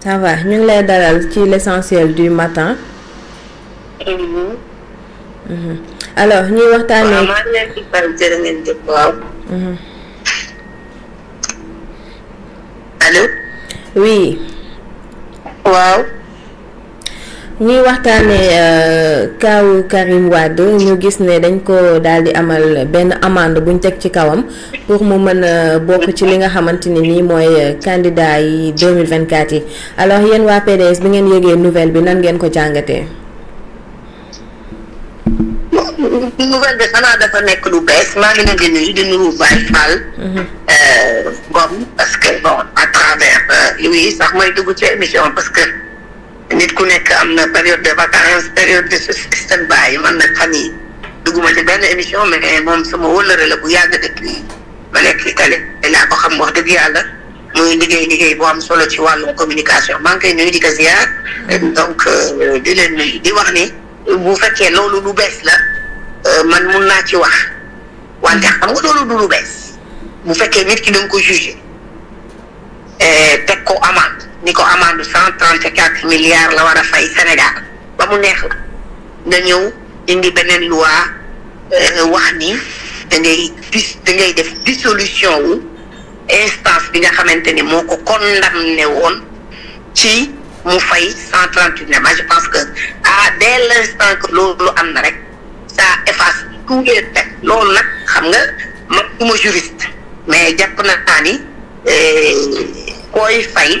Ça va. Nous l'aider à dans l'essentiel du matin. Mhm. Alors, nous sommes mhm. Allô? Oui. Wow. ñuy waxtaane euh, kaw Karim Wade ñu gis ne dañ ko daal di amal benn amande buñ teg ci kawam pour mu mën a bokk ci li nga xamante ni nii mooy candidat yi 2024 yi alors yéen waa PDS bi ngeen yëgee nouvelle bi nan ngeen ko jàngatee. nouvelle bi xanaa dafa nekk lu bees maa ngi leen di nuyu di nuyu Baye Fall. Mhm. Euh, gom parce que bon à travers euh, li sax mooy dugg ci émission parce que. nit ku nekk am na période de vacances période de stand by man nag fan yii dugguma ci benn émission mais moom sama wëllëre la bu yàgg dëkk bi ma nekk Italie laa ko xam wax dëgg yàlla muy liggéey liggéey bu am solo ci wàllum communication maa ngi koy nuyu di ko donc euh, di leen di wax ni bu fekkee loolu lu bees la euh, man mun naa ci wax wante xam nga loolu du lu bees bu fekkee nit ki da nga ko jugé. ni ko amende cent trente quatre milliards la war a fay Sénégal ba mu neex la nga ñëw indi beneen loi euh, wax ni dangay dis da ngay def dissolution wu instance bi nga xamante ni moo ko condamné woon ci mu fay cent trente huit je pense que ah dès l' instant que am na rek ça efface tous les loolu nag xam nga man du ma juriste mais jàpp naa ni euh, koy fay.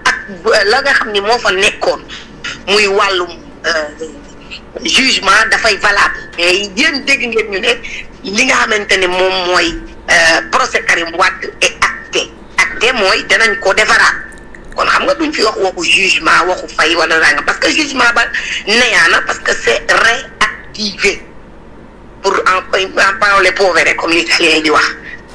la nga xamni mo fa muy euh, jugement valable ngeen ñu li nga euh, procès Karim acté acté ko xam nga duñ fi wax jugement parce que jugement ba parce que c'est réactivé pour en parler comme l'italien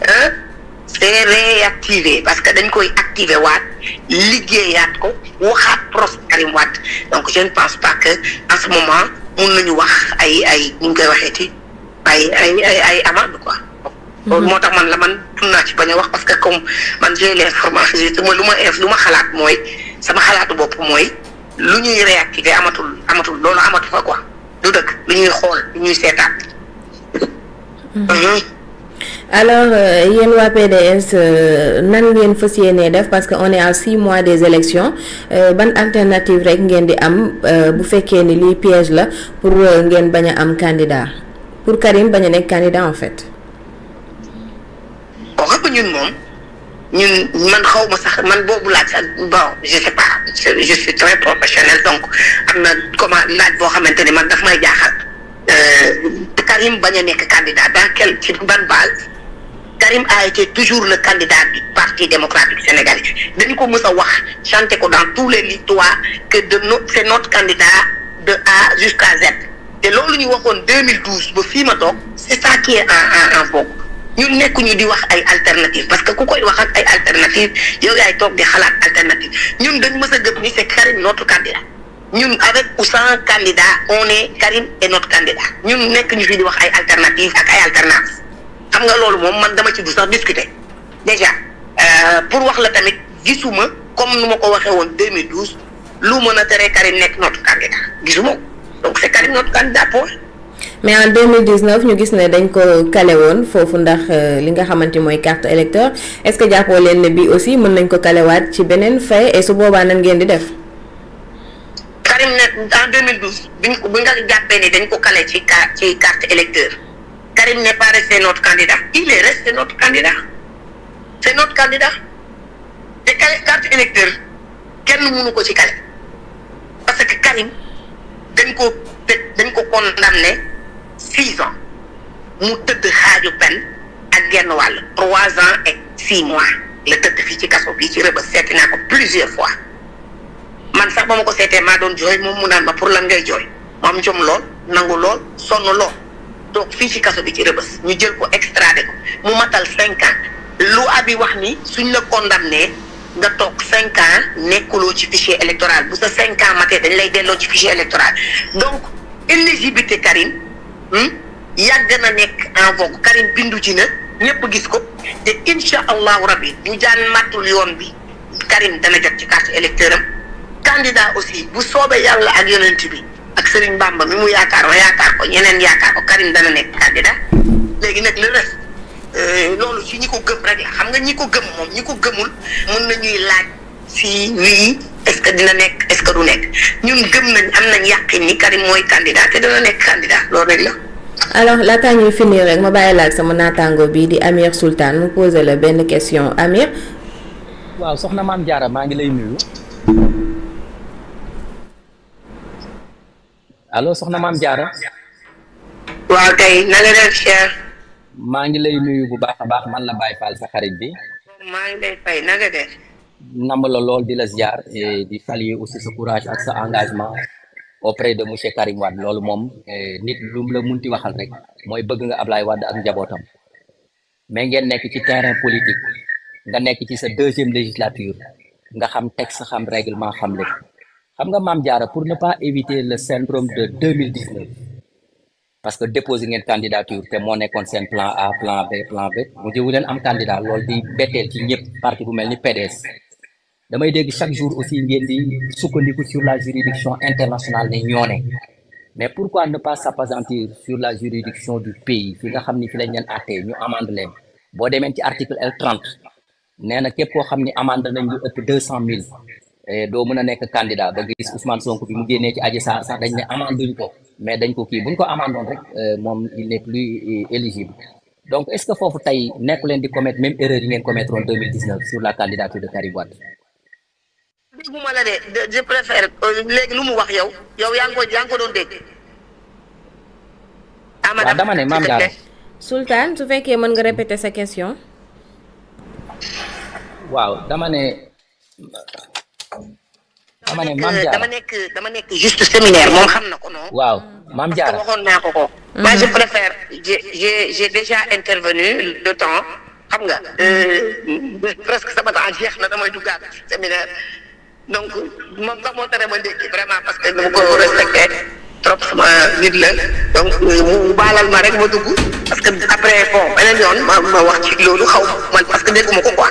hein? c'est réactivé parce que dañ koy activer waat liggéeyaat ko waxaat procès Karim wat donc je ne pense pas que en ce moment mun nañu wax ay ay ñu koy waxee ci ay ay ay ay amende quoi. loolu mhm. moo man la man tun naa ci bañ wax parce que comme man j'ai l'information mooy lu ma lu ma xalaat mooy sama xalaatu bopp mooy lu ñuy réactiver amatul amatul loolu amatu fa quoi lu dëkk lu ñuy xool lu ñuy alors il y a PDS nan ngeen fas yéenee def parce qu'on est à six mois des élections euh, ban alternative rek ngeen di am euh, bu fekkee ni lii piège la pour euh, ngeen bañ a am candidat pour Karim bañ a nekk candidat en fait. bon xam nga ñun moom ñun man xaw ma sax man boobu laaj sax bon je sais pas je suis très professionnel donc am na comment laaj boo xamante ni man daf may jaaxal. Karim bañ a nekk candidat dans quel ci ban base. Karim a été toujours le candidat du Parti démocratique sénégalais dañ ko nous a wax chanté ko dans tous les litois que c'est notre candidat de A jusqu'à Z Et loolu ñu waxoon 2012 ba fii ma c'est ça qui est en ne en pas dire qu'il di wax ay alternative parce que ku koy wax ak ay alternative yow y a di xalaat alternative ñun dañ mës a ni c'est Karim notre candidat Nous, avec ou sans candidat on est Karim et notre candidat ñun nekk ñu fi di wax ay alternative ak ay alternance xam nga loolu moom man dama ci du sax discuter déjà euh, pour wax la tamit gisuma comme nu ma ko waxee woon 2012 lu mën a tere Karim nekk notre candidat gisuma ko donc c'est Karim notre candidat point. mais en 2019 ñu gis ne dañ ko kale woon foofu ndax euh, li nga xamante mooy carte électeur est-ce que jàppoo leen ne bii aussi mën nañ ko kalewaat ci beneen fay su boobaa nan ngeen di def. Karim ne en 2012 biñ ko bi nga jàppee ne dañ ko kale ci carte ci carte électeur. Karim n'est pas resté notre candidat. Il est resté notre candidat. C'est notre candidat. te carte électeur kenn mënu ko ci kale parce que Karim dañ ko dañ ko condamné six ans mu tëdd xaaju pen ak genn wàll trois ans et six mois la tëdd fii ci kaso bii ci rëbës seeti naa ko plusieurs fois man sax ba ma ko seetee maa doon jooy moom mu naan ma pour lan ngay jooy mu am jom lool nangu lool sonn lool toog fii ci kaso bi ci rëbës ñu jël ko extradé ko mu matal cinq ans lu abi wax ni suñ la condamné nga toog cinq nekkuloo ci fichier électoral bu sa cinq ans matee dañ lay delloo ci fichier électoral donc éligibilité Karim hmm, yàgg na nekk en vogue Karim bindu ci na ñëpp gis ko te incha allahu rabbi ñu jaan mattul yoon bi Karim dana jot ci carte électeur am candidat aussi bu soobee yàlla ak yonent bi ak Serigne Bamba mi mu yaakaar ma yaakaar ko ñeneen yaakaar ko Karim dana nekk candidat léegi nag le reste euh, loolu ci ñi ko gëm rek la xam nga ñi ko gëm moom ñi ko gëmul mun nañuy laaj fii nii est-ce dina nekk est-ce que du nekk ñun gëm nañ am nañ yàqin ni Karim mooy candidat te dana nekk candidat loolu rek la. alors laataa ñuy finir rek ma bàyyi la sama naataango bii di Amir Sultan mu posé la benn question Amir. waaw soxna maam Diarra maa ngi lay nuyu. allo soxna maam jaara waaw maa ngi lay nuyu bu baax a baax man la baay Fall sa xarit bi maa ngi lay fay na nga nam la lool di la ziar e, di saluer aussi sa courage ak sa engagement auprès de monsieur Karim Wade loolu moom e, nit lu mu la munti waxal rek mooy bëgg nga ablaay Wade ak njabootam mais ngeen nekk ci terrain politique nga nekk ci sa deuxième législature nga xam texte xam règlement xam lépp xam nga maam jaara pour ne pas éviter le syndrome de 2019 parce que déposer ngeen candidature te moo nekkoon seen plan A plan B plan B mu jëwu leen am candidat loolu di betteel ci ñëpp parti bu mel ni PDS damay dégg chaque jour aussi ngeen di sukkandiku sur la juridiction internationale ne ñoo ne mais pourquoi ne pas s'appesantir sur la juridiction du pays fi nga xam ni fi lañ leen ñu amande leen boo demeen ci article L30 nee na képp koo xam ni amande nañ lu ëpp deux Eh, doo mën a nekk candidat ba gis Ousmane Sonko bi mu génnee ci Adji Sarr sax dañ ne amanduñ ko mais dañ ko kii buñ ko amandoon rek euh, moom il n'est plus euh, éligible donc est-ce que foofu tey nekku leen di commettre même erreur yi ngeen commettre en 2019 sur la candidature de Karim Wade dégguma la de je préfère euh, léegi lu mu wax yow yow yaa ngi ko yaa ngi ko doon dégg ah, waaw dama ne daal Sultan su fekkee mën nga répéter sa question waaw dama ne dama ne nekk dama nekk juste séminaire moom xam na ko non. waaw maam Diarra waxoon ko ko. Mhm. moi je préfère j'ai le temps xam nga euh, presque sama temps jeex na damay duggaat séminaire donc moom sax moo tere ma ndékki vraiment parce que dama ko respecté trop sama nit la donc euh, mu baalal ma rek ma dugg parce que après bon beneen yoon ma ma wax ci loolu xaw man parce que dégguma ko quoi.